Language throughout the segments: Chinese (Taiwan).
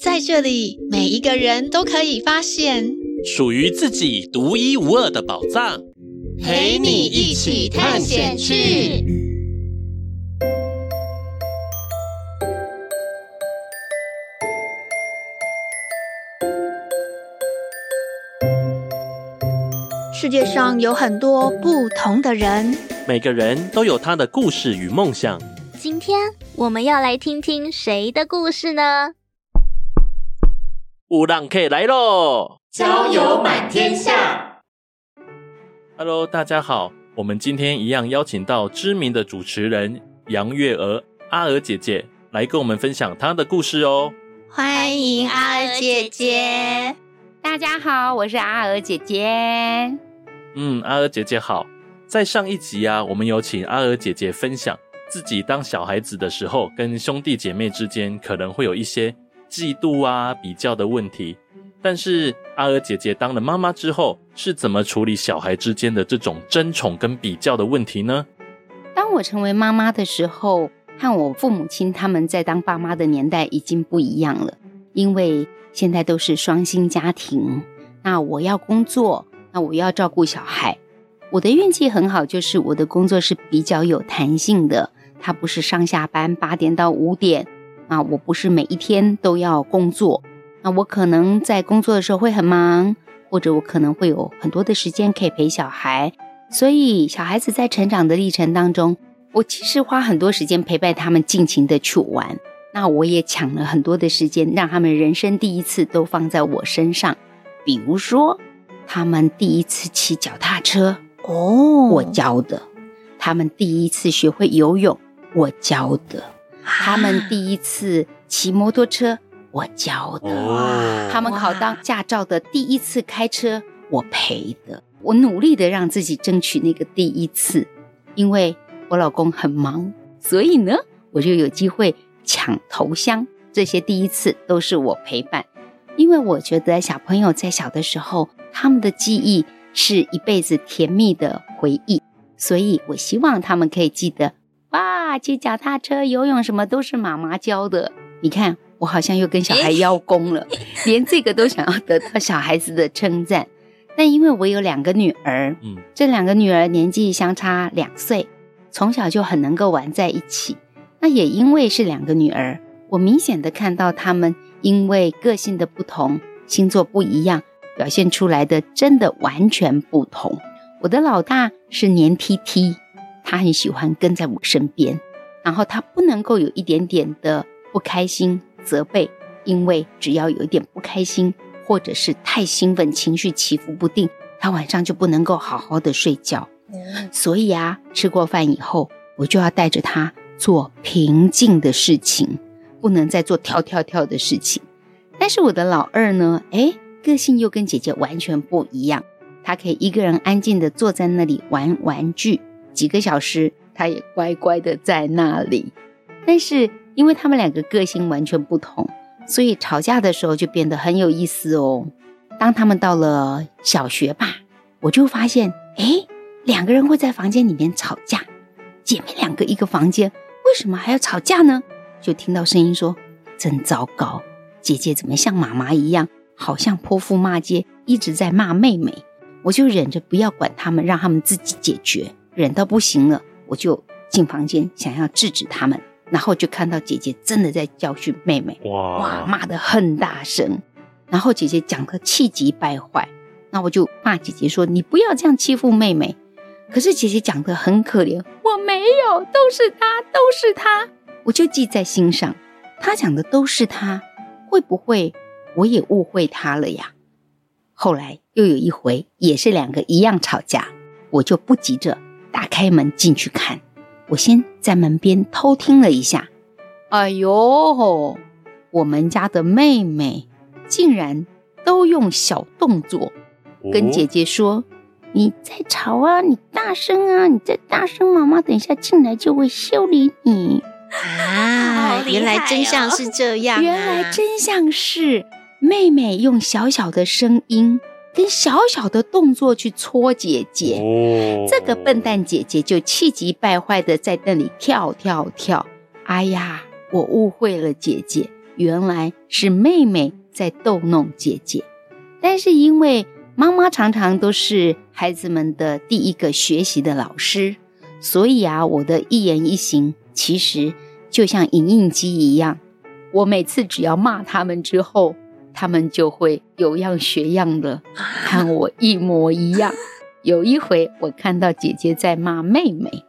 在這裡，每一個人都可以發現屬於自己獨一無二的寶藏，陪你一起探險去。世界上有很多不同的人，每個人都有他的故事與夢想。今天我們要來聽聽誰的故事呢？霧浪 K 來嘍，交友滿天下。Hello，大家好，我們今天一樣邀請到知名的主持人楊月娥，阿娥姐姐來跟我們分享她的故事哦。歡迎阿娥姐姐。大家好，我是阿娥姐姐。嗯，阿娥姐姐好。在上一集啊，我們有請阿娥姐姐分享自己當小孩子的時候，跟兄弟姐妹之間可能會有一些。嫉妒啊，比較的問題。但是阿娥姐姐當了媽媽之後，是怎麼處理小孩之間的這種爭寵跟比較的問題呢？當我成為媽媽的時候，和我父母親他們在當爸媽的年代已經不一樣了，因為現在都是雙薪家庭。那我要工作，那我要照顧小孩。我的運氣很好，就是我的工作是比較有彈性的，它不是上下班八點到五點。啊，我不是每一天都要工作，那我可能在工作的時候會很忙，或者我可能會有很多的時間可以陪小孩。所以小孩子在成長的歷程當中，我其實花很多時間陪伴他們，盡情的去玩。那我也搶了很多的時間，讓他們人生第一次都放在我身上。比如說，他們第一次騎腳踏車，哦，我教的，他們第一次學會游泳，我教的。他們第一次騎摩托車，我教的；Oh, wow. 他們考到駕照的第一次開車，我陪的。我努力的讓自己爭取那個第一次，因為我老公很忙，所以呢，我就有機會搶頭香。這些第一次都是我陪伴，因為我覺得小朋友在小的時候，他們的記憶是一輩子甜蜜的回憶，所以我希望他們可以記得。騎腳踏車、游泳什麼都是媽媽教的。你看，我好像又跟小孩邀功了，哎、 連這個都想要得到小孩子的稱讚。但因為我有兩個女兒，嗯、這兩個女兒年紀相差兩歲，從小就很能夠玩在一起。那也因為是兩個女兒，我明顯的看到她們因為個性的不同、星座不一樣，表現出來的真的完全不同。我的老大是黏 T T。他很喜歡跟在我身邊，然後他不能夠有一點點的不開心、責備，因為只要有一點不開心或者是太興奮，情緒起伏不定，他晚上就不能夠好好的睡覺。所以啊，吃過飯以後，我就要帶着他做平靜的事情，不能再做跳跳跳的事情。但是我的老二呢，誒，個性又跟姐姐完全不一樣，他可以一個人安靜的坐在那裡玩玩具，幾個小時，他也乖乖的在那裡。但是，因為他們兩個個性完全不同，所以吵架的時候就變得很有意思哦。當他們到了小學吧，我就發現，哎，兩個人會在房間裡面吵架。姐妹兩個一個房間，為什麼還要吵架呢？就聽到聲音說：“真糟糕，姐姐怎麼像媽媽一樣，好像潑婦罵街，一直在罵妹妹。”我就忍着不要管他們，讓他們自己解決。忍到不行了，我就進房間想要制止他們，然後就看到姐姐真的在教訓妹妹，哇，哇，罵得很大聲，然後姐姐講得氣急敗壞，那我就罵姐姐說：“你不要這樣欺負妹妹。”可是姐姐講得很可憐，我沒有，都是她，都是她，我就記在心上，她講的都是她，會不會我也誤會她了呀？後來又有一回，也是兩個一樣吵架，我就不急着。打開門進去看，我先在門邊偷聽了一下。哎呦，我們家的妹妹竟然都用小動作跟姐姐說：“哦、你再吵啊，你大聲啊，你再大聲，媽媽等一下進來就會修理你。”啊，原來真相是這樣啊，啊，原來真相是這樣啊，原來真相是妹妹用小小的聲音。跟小小的動作去搓姐姐，oh. 這個笨蛋姐姐就氣急敗壞地在那裡跳跳跳。哎呀，我誤會了姐姐，原來是妹妹在逗弄姐姐。但是因為媽媽常常都是孩子們的第一個學習的老師，所以啊，我的一言一行其實就像影印機一樣，我每次只要罵他們之後。他們就會有樣學樣的，和我一模一樣。有一回，我看到姐姐在罵妹妹，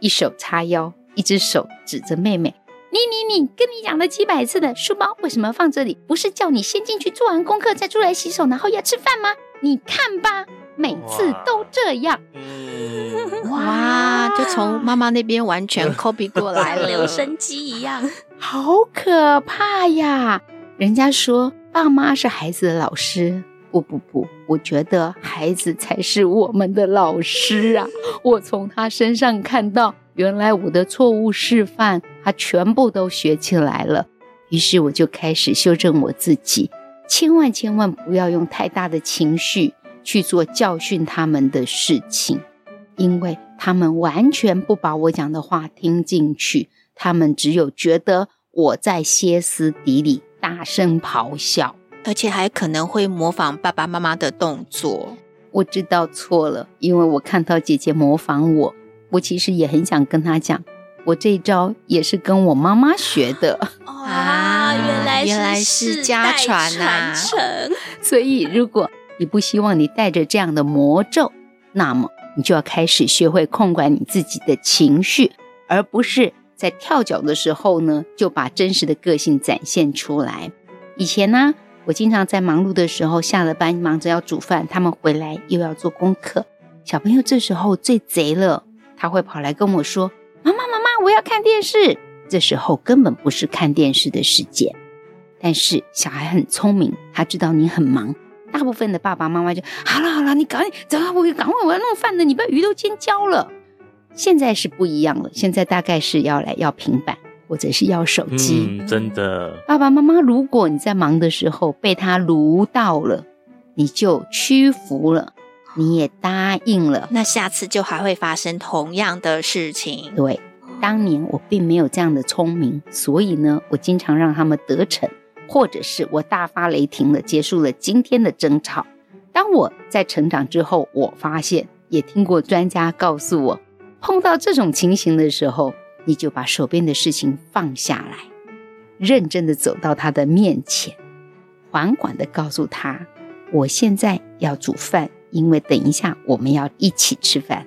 一手叉腰，一隻手指着妹妹：“你你你，跟你講了幾百次的書包為什麼放這裡？不是叫你先進去做完功課再出來洗手，然後要吃飯嗎？你看吧，每次都這樣。哇，就從媽媽那邊完全 copy 過來了，留聲機一樣，好可怕呀！人家說。爸媽是孩子的老師，不不不，我覺得孩子才是我們的老師啊！我從他身上看到，原來我的錯誤示範，他全部都學起來了。於是我就開始修正我自己，千萬千萬不要用太大的情緒去做教訓他們的事情，因為他們完全不把我講的話聽進去，他們只有覺得我在歇斯底里。大聲咆哮，而且還可能會模仿爸爸媽媽的動作。我知道錯了，因為我看到姐姐模仿我，我其實也很想跟她講，我這一招也是跟我媽媽學的。哇啊，原來原來是家傳成、啊。所以，如果你不希望你帶着這樣的魔咒，那麼你就要開始學會控管你自己的情緒，而不是。在跳腳的時候呢，就把真實的個性展現出來。以前呢、啊，我經常在忙碌的時候，下了班忙着要煮飯，他們回來又要做功課。小朋友這時候最賊了，他會跑來跟我說：“媽媽，媽媽，我要看電視。”這時候根本不是看電視的時間。但是小孩很聰明，他知道你很忙。大部分的爸爸媽媽就：“好了，好了，你趕緊走啊！我趕快我要弄飯了，你把魚都煎焦了。”現在是不一樣了。現在大概是要來要平板，或者是要手機。嗯，真的。爸爸媽媽，如果你在忙的時候被他盧到了，你就屈服了，你也答應了，那下次就還會發生同樣的事情。對，當年我並沒有這樣的聰明，所以呢，我經常讓他們得逞，或者是我大發雷霆了，結束了今天的爭吵。當我在成長之後，我發現也聽過專家告訴我。碰到這種情形的時候，你就把手邊的事情放下來，認真的走到他的面前，緩緩的告訴他：“我現在要煮飯，因為等一下我們要一起吃飯。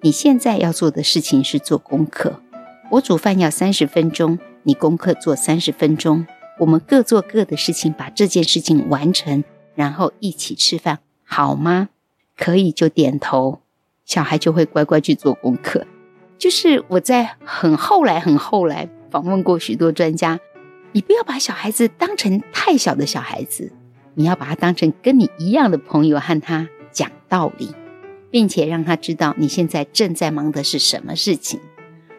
你現在要做的事情是做功課。我煮飯要三十分鐘，你功課做三十分鐘，我們各做各的事情，把這件事情完成，然後一起吃飯，好嗎？可以就點頭。”小孩就會乖乖去做功課。就是我在很後來、很後來訪問過許多專家，你不要把小孩子當成太小的小孩子，你要把他當成跟你一樣的朋友，和他講道理，並且讓他知道你現在正在忙的是什麼事情，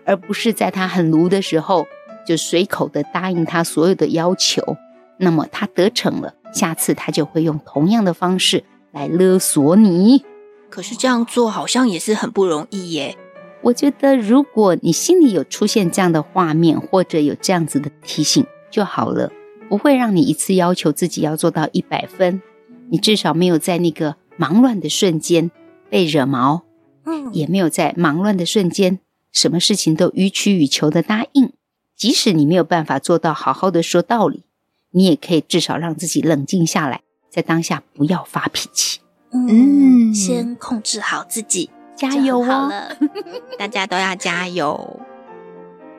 而不是在他很盧的時候就隨口的答應他所有的要求。那麼他得逞了，下次他就會用同樣的方式來勒索你。可是這樣做好像也是很不容易耶？我覺得，如果你心裡有出現這樣的畫面，或者有這樣子的提醒就好了，不會讓你一次要求自己要做到一百分。你至少沒有在那個忙亂的瞬間被惹毛，嗯，也沒有在忙亂的瞬間什麼事情都予取予求的答應。即使你沒有辦法做到好好的說道理，你也可以至少讓自己冷靜下來，在當下不要發脾氣。嗯，嗯先控制好自己，加油哦！好了 大家都要加油。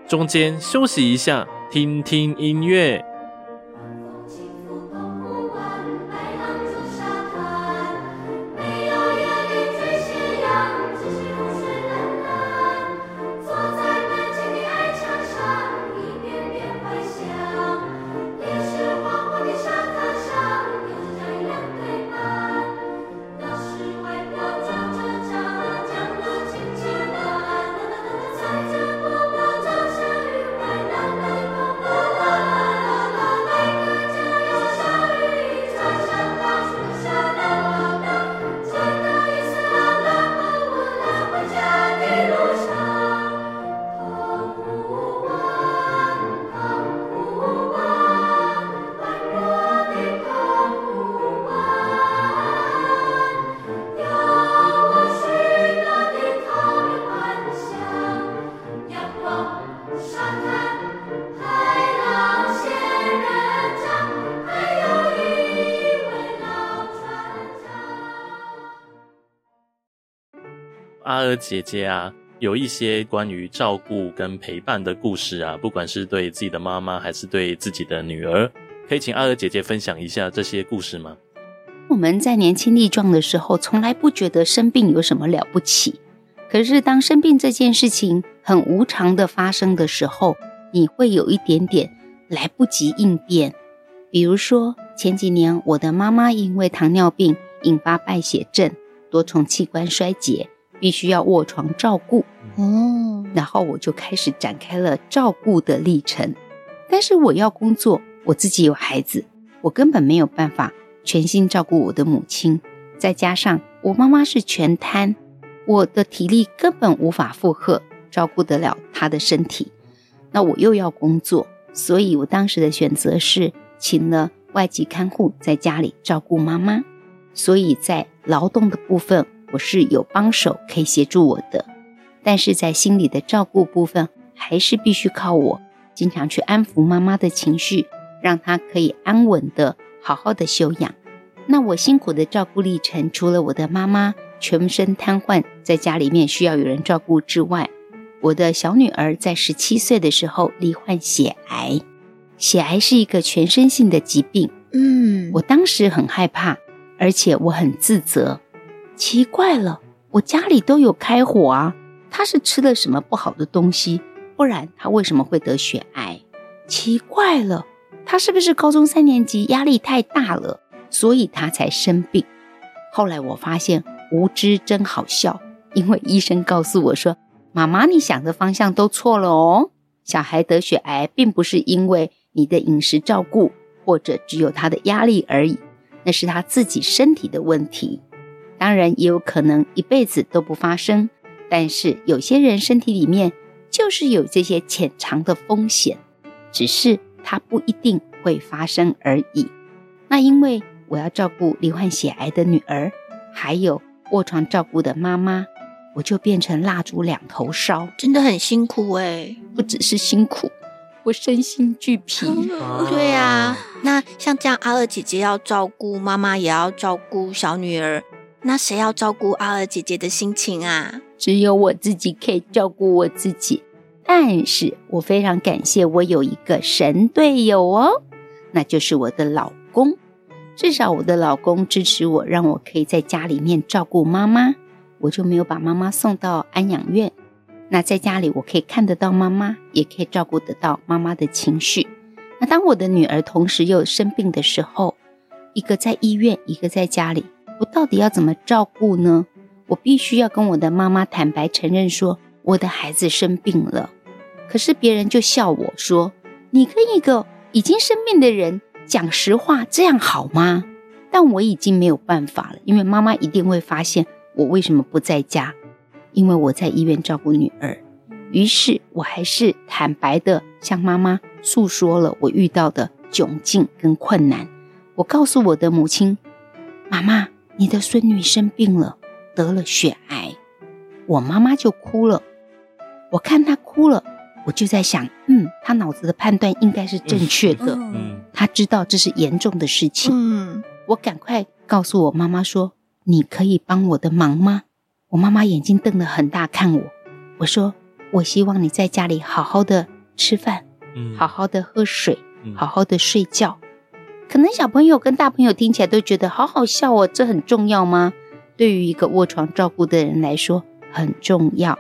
中間休息一下，聽聽音樂。阿娥姐姐啊，有一些關於照顧跟陪伴的故事啊，不管是對自己的媽媽還是對自己的女兒，可以請阿娥姐姐分享一下這些故事嗎？我們在年輕力壯的時候，從來不覺得生病有什麼了不起。可是當生病這件事情很無常的發生的時候，你會有一點點來不及應變。比如說前幾年，我的媽媽因為糖尿病引發敗血症、多重器官衰竭。必須要臥床照顧，哦，然後我就開始展開了照顧的歷程。但是我要工作，我自己有孩子，我根本沒有辦法全心照顧我的母親。再加上我媽媽是全癱，我的體力根本無法負荷，照顧得了她的身體。那我又要工作，所以我當時的選擇是請了外籍看護在家裡照顧媽媽。所以在勞動的部分。我是有幫手可以協助我的，但是在心理的照顧部分，還是必須靠我，經常去安撫媽媽的情緒，讓她可以安穩的、好好的休養。那我辛苦的照顧歷程，除了我的媽媽全身癱瘓，在家裡面需要有人照顧之外，我的小女兒在十七歲的時候罹患血癌，血癌是一個全身性的疾病。嗯，我當時很害怕，而且我很自責。奇怪了，我家裡都有開火啊。他是吃了什麼不好的東西，不然他為什麼會得血癌？奇怪了，他是不是高中三年級壓力太大了，所以他才生病。後來我發現無知真好笑，因為醫生告訴我說：“媽媽，你想的方向都錯了哦。小孩得血癌並不是因為你的飲食照顧，或者只有他的壓力而已，那是他自己身體的問題。”當然也有可能一輩子都不發生，但是有些人身體裡面就是有這些潛藏的風險，只是它不一定會發生而已。那因為我要照顧罹患血癌的女兒，還有臥床照顧的媽媽，我就變成蠟燭兩頭燒，真的很辛苦哎、欸！不只是辛苦，我身心俱疲。啊對啊，那像這樣阿娥姐姐要照顧媽媽，媽媽也要照顧小女兒。那誰要照顧阿娥姐姐的心情啊？只有我自己可以照顧我自己，但是我非常感謝我有一個神隊友哦，那就是我的老公。至少我的老公支持我，讓我可以在家裡面照顧媽媽，我就沒有把媽媽送到安養院。那在家裡我可以看得到媽媽，也可以照顧得到媽媽的情緒。那當我的女兒同時又生病的時候，一個在醫院，一個在家裡。我到底要怎麼照顧呢？我必須要跟我的媽媽坦白承認，說我的孩子生病了。可是別人就笑我說：“你跟一個已經生病的人講實話，這樣好嗎？”但我已經沒有辦法了，因為媽媽一定會發現我為什麼不在家，因為我在醫院照顧女兒。於是，我還是坦白地向媽媽訴說了我遇到的窘境跟困難。我告訴我的母親：“媽媽。”你的孫女生病了，得了血癌，我媽媽就哭了。我看她哭了，我就在想，嗯，她腦子的判斷應該是正確的，她知道這是嚴重的事情，我趕快告訴我媽媽說：“你可以幫我的忙嗎？”我媽媽眼睛瞪得很大看我，我說：“我希望你在家裡好好的吃飯，嗯，好好的喝水，好好的睡覺。”可能小朋友跟大朋友聽起來都覺得好好笑哦，這很重要嗎？對於一個臥床照顧的人來說很重要，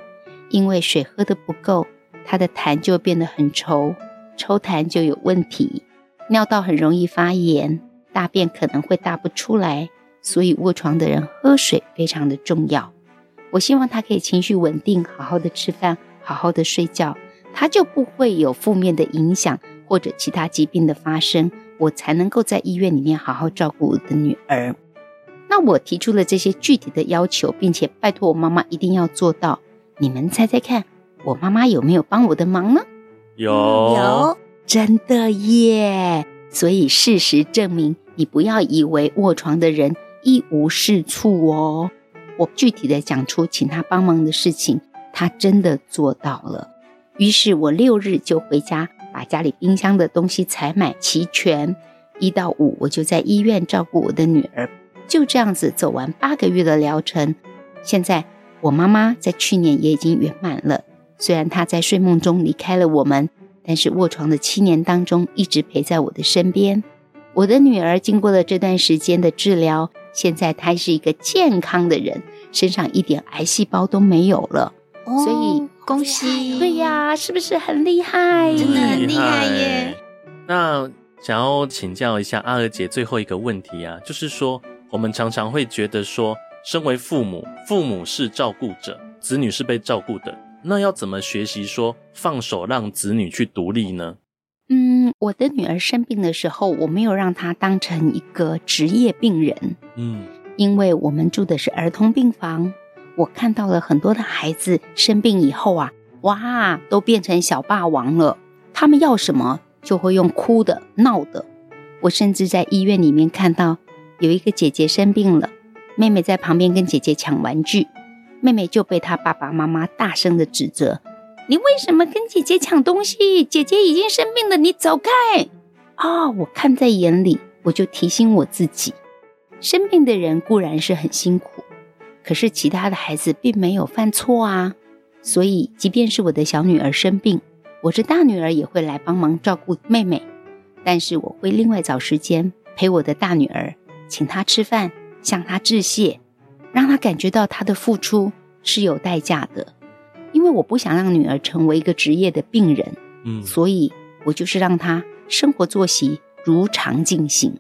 因為水喝得不夠，他的痰就會變得很稠，抽痰就有問題，尿道很容易發炎，大便可能會大不出來，所以臥床的人喝水非常的重要。我希望他可以情緒穩定，好好的吃飯，好好的睡覺，他就不會有負面的影響或者其他疾病的發生。我才能夠在醫院裡面好好照顧我的女兒。哎。那我提出了這些具體的要求，並且拜託我媽媽一定要做到。你們猜猜看，我媽媽有沒有幫我的忙呢？有，有，真的耶！所以事實證明，你不要以為臥床的人一無是處哦。我具體的講出請她幫忙的事情，她真的做到了。於是我六日就回家。把家裡冰箱的東西採買齊全，一到五我就在醫院照顧我的女兒，就這樣子走完八個月的療程。現在我媽媽在去年也已經圓滿了，雖然她在睡夢中離開了我們，但是臥床的七年當中一直陪在我的身邊。我的女兒經過了這段時間的治療，現在她是一個健康的人，身上一點癌細胞都沒有了，哦。所以。恭喜！對呀、啊，是不是很厲害？真的很厲害耶、欸！那想要請教一下阿娥姐最後一個問題啊，就是說我們常常會覺得說，身為父母，父母是照顧者，子女是被照顧的，那要怎麼學習說放手讓子女去獨立呢？嗯，我的女兒生病的時候，我沒有讓她當成一個職業病人。嗯，因為我們住的是兒童病房。我看到了很多的孩子生病以後啊，哇，都變成小霸王了。他們要什麼就會用哭的、鬧的。我甚至在醫院裡面看到有一個姐姐生病了，妹妹在旁邊跟姐姐搶玩具，妹妹就被她爸爸媽媽大聲的指責：“你為什麼跟姐姐搶東西？姐姐已經生病了，你走開！”啊、哦，我看在眼裡，我就提醒我自己：生病的人固然是很辛苦。可是其他的孩子並沒有犯錯啊，所以即便是我的小女兒生病，我這大女兒也會來幫忙照顧妹妹。但是我會另外找時間陪我的大女兒，請她吃飯，向她致謝，讓她感覺到她的付出是有代價的。因為我不想讓女兒成為一個職業的病人，嗯，所以我就是讓她生活作息如常進行，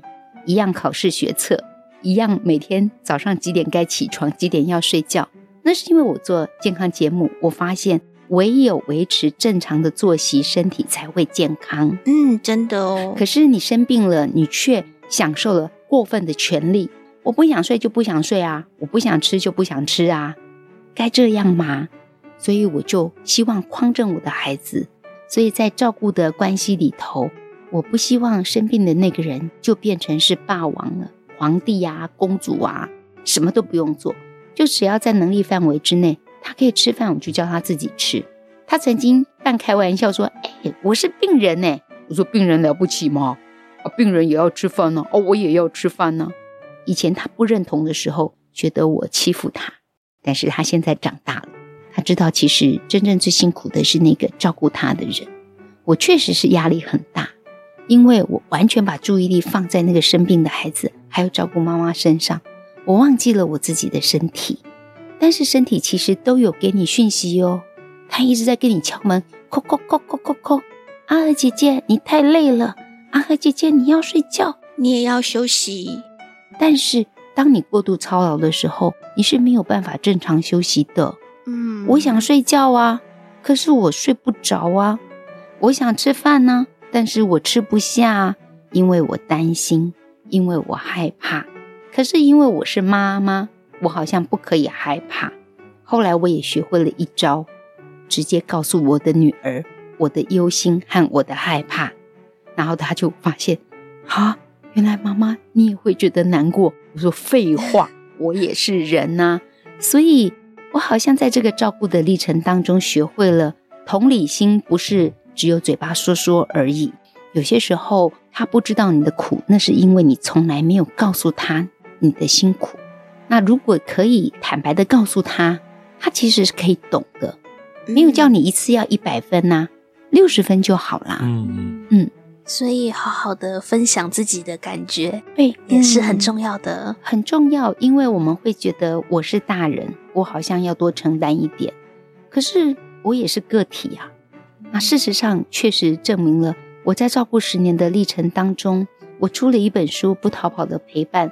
一樣考試學測。一樣每天早上幾點該起床，幾點要睡覺。那是因為我做健康節目，我發現唯有維持正常的作息，身體才會健康。嗯，真的哦。可是你生病了，你卻享受了過分的權利。我不想睡就不想睡啊，我不想吃就不想吃啊，該這樣嗎？所以我就希望匡正我的孩子。所以在照顧的關係裡頭，我不希望生病的那個人就變成是霸王了。皇帝呀、啊，公主啊，什麼都不用做，就只要在能力範圍之內，他可以吃飯，我就叫他自己吃。他曾經半開玩笑說：“哎，我是病人呢。”我說：“病人了不起嗎？啊，病人也要吃飯呢、啊。哦、啊，我也要吃飯呢、啊。”以前他不認同的時候，覺得我欺負他，但是他現在長大了，他知道其實真正最辛苦的是那個照顧他的人。我確實是壓力很大。因為我完全把注意力放在那個生病的孩子，還有照顧媽媽身上，我忘記了我自己的身體。但是身體其實都有給你訊息哦，它一直在給你敲門，叩叩叩叩叩叩。阿娥姐姐，你太累了，阿娥姐姐，你要睡覺，你也要休息。但是當你過度操勞的時候，你是沒有辦法正常休息的。嗯，我想睡覺啊，可是我睡不着啊，我想吃飯呢、啊。但是我吃不下，因為我擔心，因為我害怕。可是因為我是媽媽，我好像不可以害怕。後來我也學會了一招，直接告訴我的女兒我的憂心和我的害怕，然後她就發現，啊，原來媽媽你也會覺得難過。我說廢話， 我也是人吶、啊，所以我好像在這個照顧的歷程當中，學會了同理心，不是。只有嘴巴說說而已，有些時候他不知道你的苦，那是因為你從來沒有告訴他你的辛苦。那如果可以坦白的告訴他，他其實是可以懂的。嗯、沒有叫你一次要一百分吶、啊，六十分就好啦。嗯嗯嗯，嗯所以好好的分享自己的感覺，對，也是很重要的，嗯、很重要。因為我們會覺得我是大人，我好像要多承擔一點，可是我也是個體啊。那事實上確實證明了，我在照顧十年的歷程當中，我出了一本書《不逃跑的陪伴》。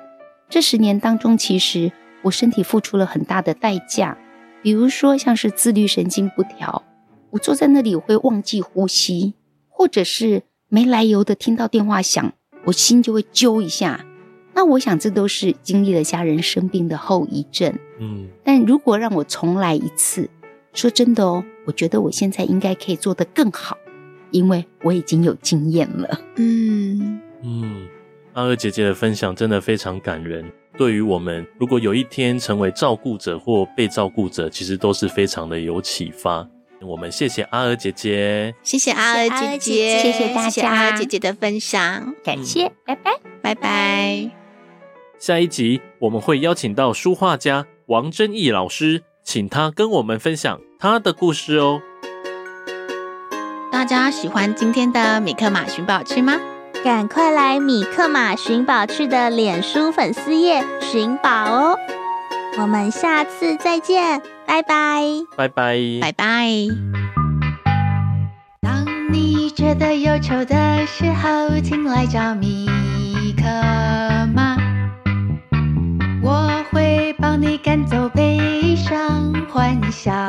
這十年當中，其實我身體付出了很大的代價，比如說像是自律神經不調，我坐在那裡會忘記呼吸，或者是沒來由的聽到電話響，我心就會揪一下。那我想，這都是經歷了家人生病的後遺症。嗯，但如果讓我重來一次，說真的哦。我覺得我現在應該可以做得更好，因為我已經有經驗了。嗯嗯，阿娥姐姐的分享，真的非常感人，對於我們如果有一天成為照顧者或被照顧者，其實都是非常的有啟發。我們謝謝阿娥姐姐，謝謝阿娥姐姐，謝謝，姐姐謝謝大家。謝謝阿娥姐姐的分享，感謝，嗯、拜拜，拜拜。下一集我們會邀請到書畫家王珍義老師，請他跟我們分享。他的故事哦！大家喜歡今天的米克馬尋寶趣嗎？趕快來米克馬尋寶趣的臉書粉絲頁尋寶哦！我們下次再見，拜拜！拜拜！拜拜！當你覺得憂愁的時候，請來找米克馬，我會幫你趕走悲傷，歡笑。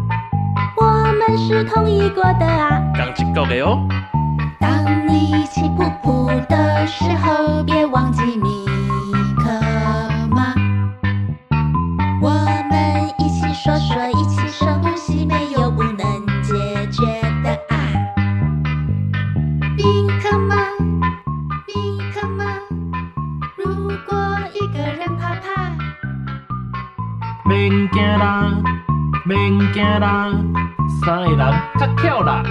我們是同一國的啊，同祖國的哦。當你氣噗噗的時候，別忘記米克馬。我們一起說說，一起說說，沒有不能解決的啊。米克馬，米克馬，如果一個人怕怕，免驚啦，免驚啦。三二一，他跳了。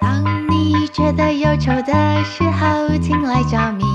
當你覺得憂愁的時候，請來找米。